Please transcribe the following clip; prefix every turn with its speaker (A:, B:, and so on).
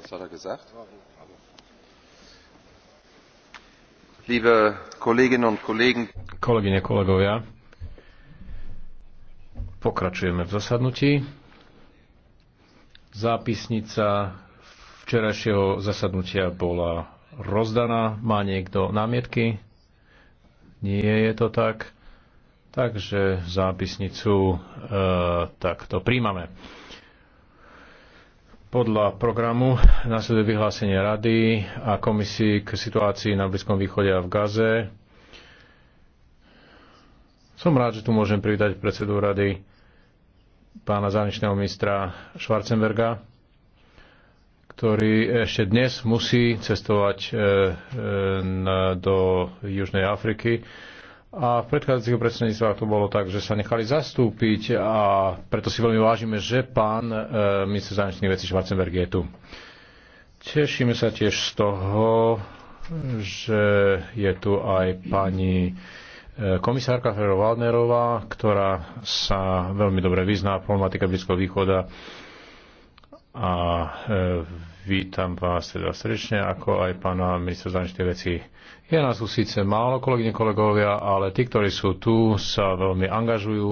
A: Was hat er gesagt?
B: Liebe Kolleginnen und Kollegen.
C: Kolegyne, kolegovia, pokračujeme v zasadnutí. Zápisnica včerajšieho zasadnutia bola rozdaná. Má niekto námietky? Nie je to tak. Takže zápisnicu e, takto príjmame. Podľa programu nasleduje vyhlásenie Rady a komisii k situácii na Blízkom východe a v Gaze. Som rád, že tu môžem privítať predsedu Rady pána zahraničného ministra Schwarzenberga, ktorý ešte dnes musí cestovať e, e, do Južnej Afriky a v predchádzajúcich predsedníctvách to bolo tak, že sa nechali zastúpiť a preto si veľmi vážime, že pán e, minister zahraničných vecí Schwarzenberg je tu. Tešíme sa tiež z toho, že je tu aj pani e, komisárka Ferro Waldnerová, ktorá sa veľmi dobre vyzná v problematike Blízkoho východa a e, Vítam vás teda srdečne, ako aj pána ministra zahraničných vecí. Je nás tu síce málo, kolegyne, kolegovia, ale tí, ktorí sú tu, sa veľmi angažujú